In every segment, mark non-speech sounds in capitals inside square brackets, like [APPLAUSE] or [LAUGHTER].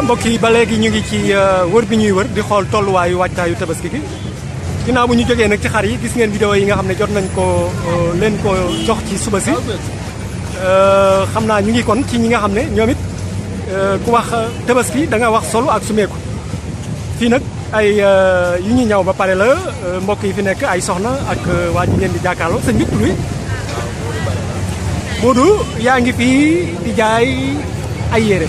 voilà mbokk yi ba léegi ñu ngi ci euh, wër bi ñuy wër di xool tolluwaayu waajtaayu tabaski gi ginnaaw bu ñu jógee nag ci xar yi gis ngeen vidéo yi nga xam ne jot nañ ko euh, leen ko jox ci suba si euh, xam naa ñu ngi kon ci ñi nga xam ne ñoom it ku wax tabaski da wax solo ak sumeeku fii nag ay yu ñuy ñaw ba pare la mbokk yi fi nekk ay soxna ak waa ji ngeen di jàkkaarloo sëñ bi luy Modou yaa ngi fii di jaay ay yére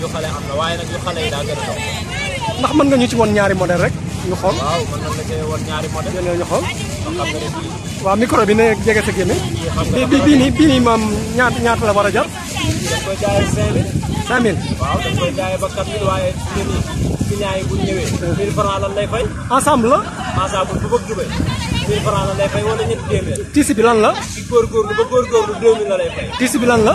yu am na waaye nag yu a dox. ndax mën nga ñu ci woon ñaari modèle rek ñu xool. waaw mën nañ la cee woon ñaari modèle. yéen ñu xool. waaw micro bi ne jege sa gémmiñ. bi bi bii nii bii nii maam ñaata ñaata la war a jar. dañ koy jaayee 5000. 5000. waaw dañ waaye ñun client yi bu ñu ñëwee. 1000F ensemble la. ensemble bu bëgg jubee. 1000F lan lay fay wala ñetti téeméer. bi lan la. ci góorgóorlu ba góorgóorlu 2000 la tiisi bi lan la.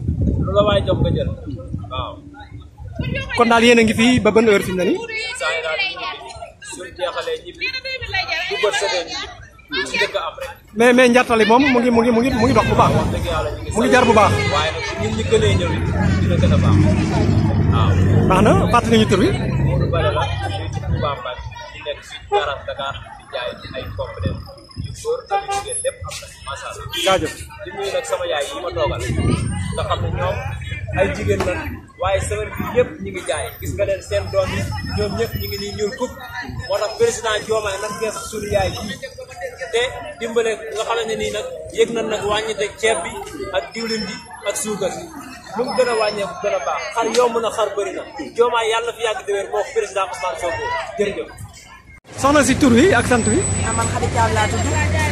lu kon daal yéen a ngi fi ba ban heure fi mu ne nii. mais mais njartali moom mu ngi mu ngi mu ngi mu ngi dox bu baax. mu ngi jar bu baax. baax waaw. baax na fàttali ñu wi. garage Dakar di jaay ay components yu góor ak yu jigéen lépp am na macha allah. jaajëf di nuyu nag sama yaay yi ma toogal nga xam ne ñoom ay waaye semaine bi yëpp ñi ngi jaay gis nga seen doom yi ñoom ñëpp ñi ngi nii ñuul kub moo tax président Diomaye nag gees suñu yaay ji te dimbale nga xam ne nii nag yëg na nag wàññite ceeb bi ak diwlin bi ak suukar bi lu mu gën a wàññeeku gën a baax xar yomb na xar bëri na Diomaye yàlla na fi yàgg déwén moo président Ousmane Sonko jërëjëf soxna si tur wi ak sant wi. ah man Khady Thiam laa tudd.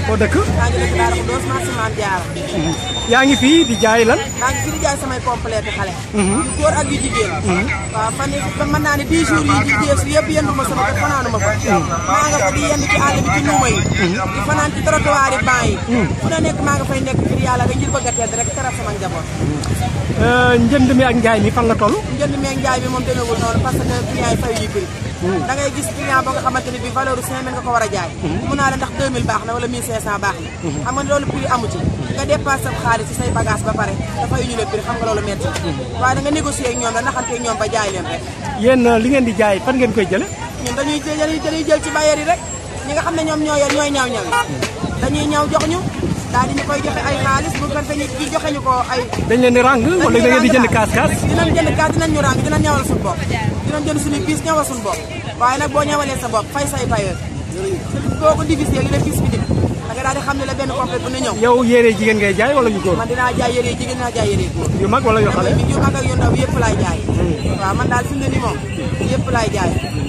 foo dëkk. maa ngi dëkk Daara Khoudoss marché Mame Diarra. Mhm. yaa ngi fii di jaay lan. maa ngi fii di jaay samay complets xale. Mhm. yu góor ak yu jigéen. Mhm. waaw fan yii ba naa ne 10 jours yi di jeesu yëpp yendu ma sama kër fanaanu ma fa. maa nga fa di yendu ci àll ci luuma yi. fanaan ci trottoir yi yi. fu ne nekk maa nga fay nekk ngir yàlla a tedd njaboot. Euh, njënd mi ak njaay mi fan la toll. njënd mi ak njaay mi moom demeewul noonu parce que client yi fayu yi bëri. Hmm. ngay gis client nga xamante ne bii valeur bu 5000 nga ko war a jaay. Hmm. mun naa la ndax 2000 baax na wala 1500 baax na. Hmm. xam nga loolu prix amu ci. nga dépassé sa xaalis ci say bagage ba pare dafay ñu le prix xam nga loolu métti waaye da nga ak ñoom la naxante ak ñoom ba jaay leen rek. yéen euh, li ngeen di jaay fan ngeen koy jële ñun dañuy jël dañuy jël ci bailleur yi rek ñi nga xam ne ñoom ñoo yor ñooy ñaw ñaw dañuy ñaw jox daal di ñu koy joxe ay xaalis bu ko defee joxe ñu ko ay. dañ leen di ràng wala da ngeen di jënd kaas kaas. dinañ ñu ràng dinañ ñawal suñu bopp dinañ jënd suñu ñawal suñu bopp waaye nag boo ñawalee sa bopp fay say tailleur boo ko divisé léegi la piis bi dim da daal di xam ne la benn complet bu ne ñëw. yow yére jigéen ngay jaay wala yu góor. man dinaa jaay yére jigéen dinaa jaay yére góor. yu mag wala yu xale yu mag ak yu ndaw yëpp laay jaay. Hmm. waaw man daal fi ne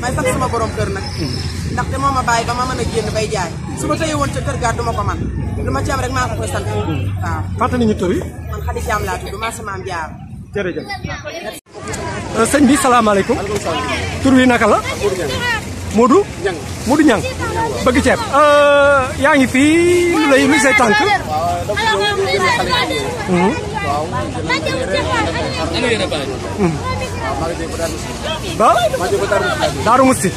may sant sama borom kër nak ndax moo moma baye ba ma mën genn bay jaay suma ma won ci ca kër gaar du ko man luma ci am rek ma ko koy sant waaw fàttali ñu tur man Khady jam la tudd maa sama am jaar jere jam sëñ bi salam alaykum tur wi nakala la Modou Ñang Modou Ñang bëgg ceeb euh yaangi fi lu lay mi sey tank waaw ah. Daaru Musti.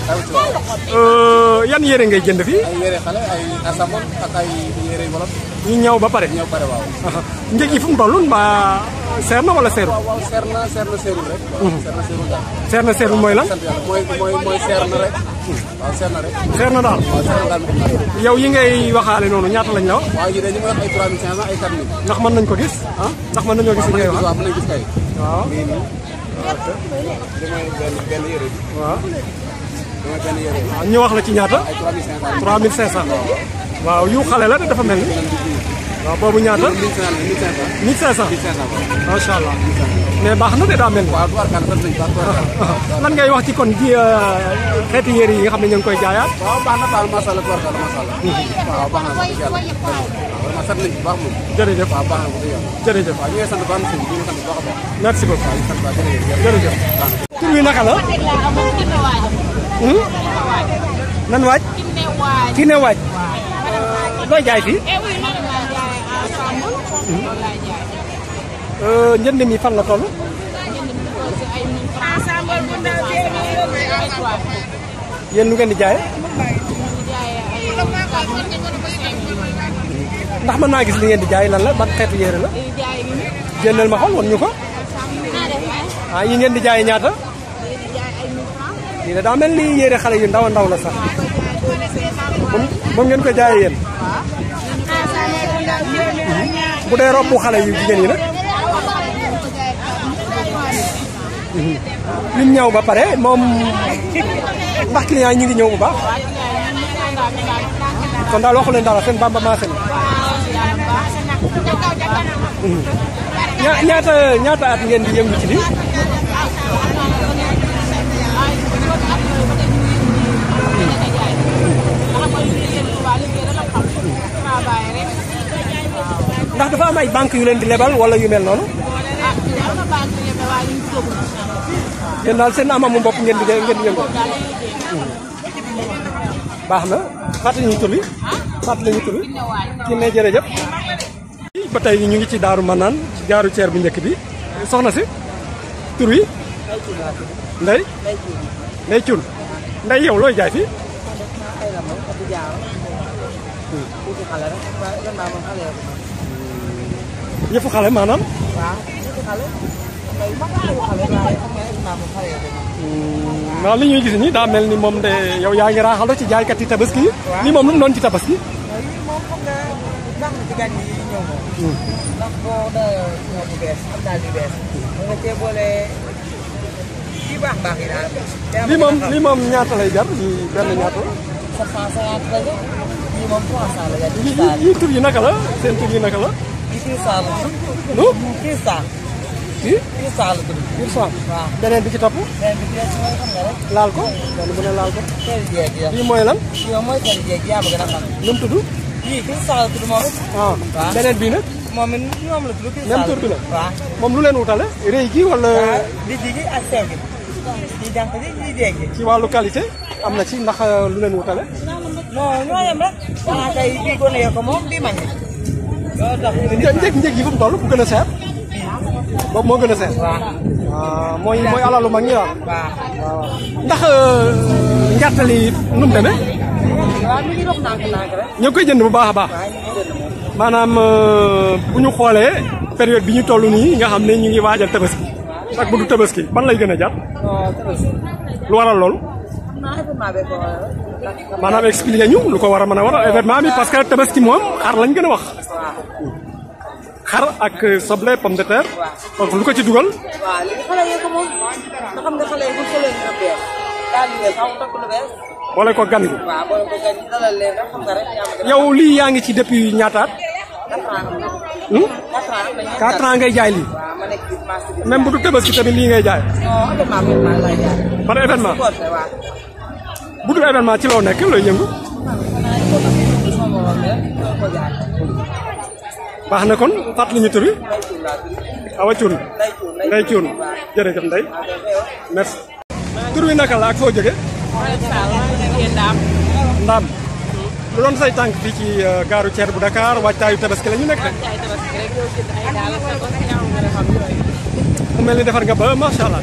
Euh, yan yére ngay jënd fii. ay yére xale ay asamoon ak ay yére wolof. ñu ñëw ba pare. ñëw pare waaw. njëg yi fu mu toll mbaa seer na wala seerul. waaw waaw seer na seer na seerul rek. Mhm. seer na seerul daal. seer na seerul mooy lan. mooy mooy mooy seer na rek. Mhm. waaw seer na rek. seer na daal. waaw seer na daal yow yi ngay waxaale noonu ñaata lañ la wax. waaw yi de ñu ngi wax ay 3500 ay 4000. ndax mën nañ ko gis. ah ndax mën nañoo gis li ngay wax. waaw mën nañ gis kay. waaw. parce que yére bi. waaw damay yére bi. waaw ñu wax la ci ñaata. ay 3500 3500. waaw yu xale la dafa mel ni. waaw boobu ñaata. 1500 1500. 1500 macha allah. mais baax na de daa mel ni. waaw [LAUGHS] lan ngay wax ci kon ji euh, xeeti yére yi nga xam ne ñu ngi koy jaayaat. waaw baax na daal macha allah macha allah. Hmm. waaw baax na waaw bu baax moom. jërëjëf waaw baax na ko dëgg yàlla. jërëjëf waaw bi tur bi naka la. Hmm? nan waaj. ki ne waaj. looy jaay fii. Eh hmm. euh, njënd mi fan la toll. yéen lu ngeen di jaayee. ndax ma naa gis li ngeen di jaay lan la ban xeetu yére la. génneel ma xool woon ñu ko. ah yi ngeen di jaay ñaata. lii de daa ni yére xale yu ndaw a ndaw la sax. moom moom ngeen koy jaayee yéen. Mhm. bu dee robu xale yu jigéen ñi nag. ñun ñëw ba pare moom ndax client yi ñu ngi ñëw bu kon daal waxu leen dara seen bamba maase na. ñaata ñaata at ngeen di yëngu ci lii. ndax dafa am ay banque yu leen di lebal wala yu mel noonu. yéen daal seen amamu bopp ngeen di ngeen di yëngu. baax na fàttali ñu tur bi fàttali ñu tur bi kii ne jërëjëf ba tey ñu ngi ci daaru manaan ci gaaru ceer bu njëkk bi soxna si tur wi nday nday cun nday yow looy jaay fii yëfu xale maanaam Nah li ñuy gis nii mel ni moom de yow yaa ngi raaxaloo ci jaaykat yi tabaski yi. waaw lii moom lu mu doon ci tabaski. moom xam nga ndax ci gan yi ñëw moom. ndax boo doyoo ñoom bu bees am daal yu bees. nga cee boole yu baax baax yi daal. lii moom lii kii. cristal la tudd. cristal waaw beneen bi ci topp. beneen laal ko benn bu ne laal ko. teel jeeg ya lii mooy kii cristal la tudd moom ah. beneen bii nag. moom it ñoom la tudd. cristal la tudd même tur la. waaw moom lu leen wutale. rëy gi wala. li ji gi ak sew gi. kii jànq ji kii jeeg gi. ci wàllu qualité. am na ci ndax euh, lu leen wutale. non ñoo yem rek. waaw ah, kay bii ko moom bii man. loolu a seer boobu moo gën a seet. waaw mooy mooy Tak mag ñi waaw. waaw ndax gerte li Mana mu demee. waaw ñu ngi dox ndànk-ndànk rek. ñu ngi koy jënd bu baax a baax. maanaam bu ñu xoolee période bi ñu toll nii nga xam ne ñu ngi waajal xar ak soble pomme de terre donc lu ko ci dugal wa li ko xalé ko mo nga xam nga xalé ko solo nga beer daal di bees xaw takk lu bees ko gan wa waaw ko gan dalal leen da xam nga rek yow lii yaa ci depuis ñaataat hmm? baxna kon fàttali ñu turu wi awa cuun nday cuun jërëjëf nday merci turu wi naka la ak fo joge ndam ndaam lu don say tank fi ci eh, garu tier bu Dakar waajtaayu tabaski lañu nek nekk mu defar nga ba ma sha allah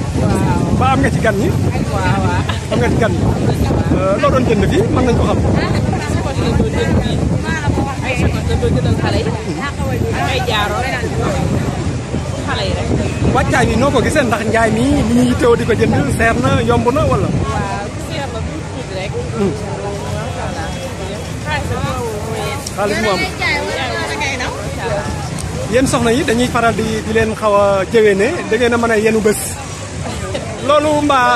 ba am nga ci gan ni wa wa am nga ci gan ñi loo doon jënd fi man nañ ko xam nga doon jëndal xale yi ay jaaroo xale ndax njaay mi li ñuy teew di jënd seer na na wala waaw soxna yi dañuy faral di di leen xaw a da ngeen a mën yenu bés loolu mbaa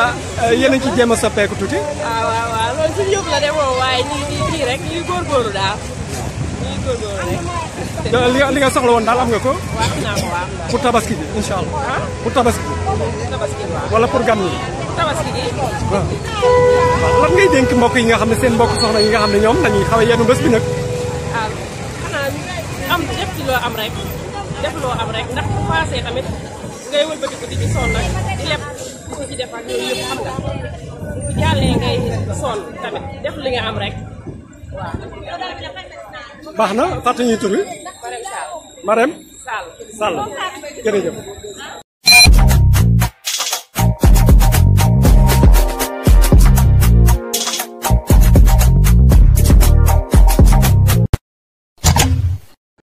yéen ci jéem a soppeeku tuuti waaw waaw waaw loolu suñu la de li nga li nga soxla woon daal am nga ko. pour tabaski bi allah. pour tabaski wala pour gan tabaski lan ngay dénk mbokk yi nga xam seen mbokk soxna yi nga xam yenu bi am def ci loo am rek def loo am rek ndax tamit ngay di ci sonn nag di lépp ko ci def ak yooyu xam nga bu jàllee ngay tamit def li nga am rek Marème Sall jërëjëf